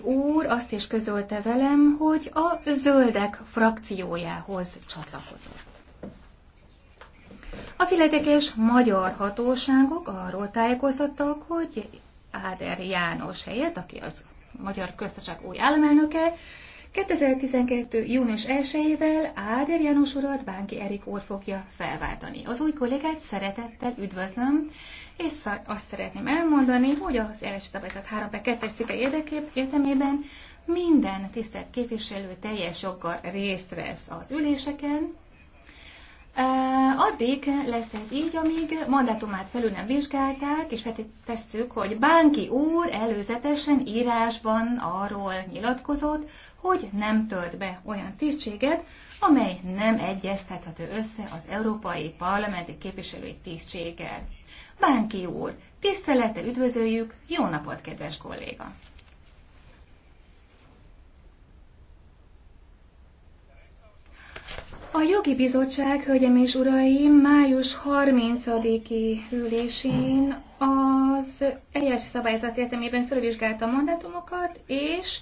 úr azt is közölte velem, hogy a zöldek frakciójához csatlakozott. Az illetékes magyar hatóságok arról tájékoztattak, hogy Áder János helyett, aki az Magyar Köztesek új államelnöke, 2012. június 1-ével Áder János urat Bánki Erik úr fogja felváltani. Az új kollégát szeretettel üdvözlöm, és azt szeretném elmondani, hogy az első szabályzat 3 per 2-es cikke értelmében minden tisztelt képviselő teljes joggal részt vesz az üléseken, addig lesz ez így, amíg mandátumát felül nem vizsgálták, és tesszük, hogy Bánki úr előzetesen írásban arról nyilatkozott, hogy nem tölt be olyan tisztséget, amely nem egyeztethető össze az Európai Parlamenti Képviselői tisztséggel. Bánki úr, tisztelettel üdvözöljük, jó napot, kedves kolléga! A jogi bizottság, hölgyem és uraim, május 30-i ülésén az eljárási szabályzat értelmében felvizsgálta a mandátumokat, és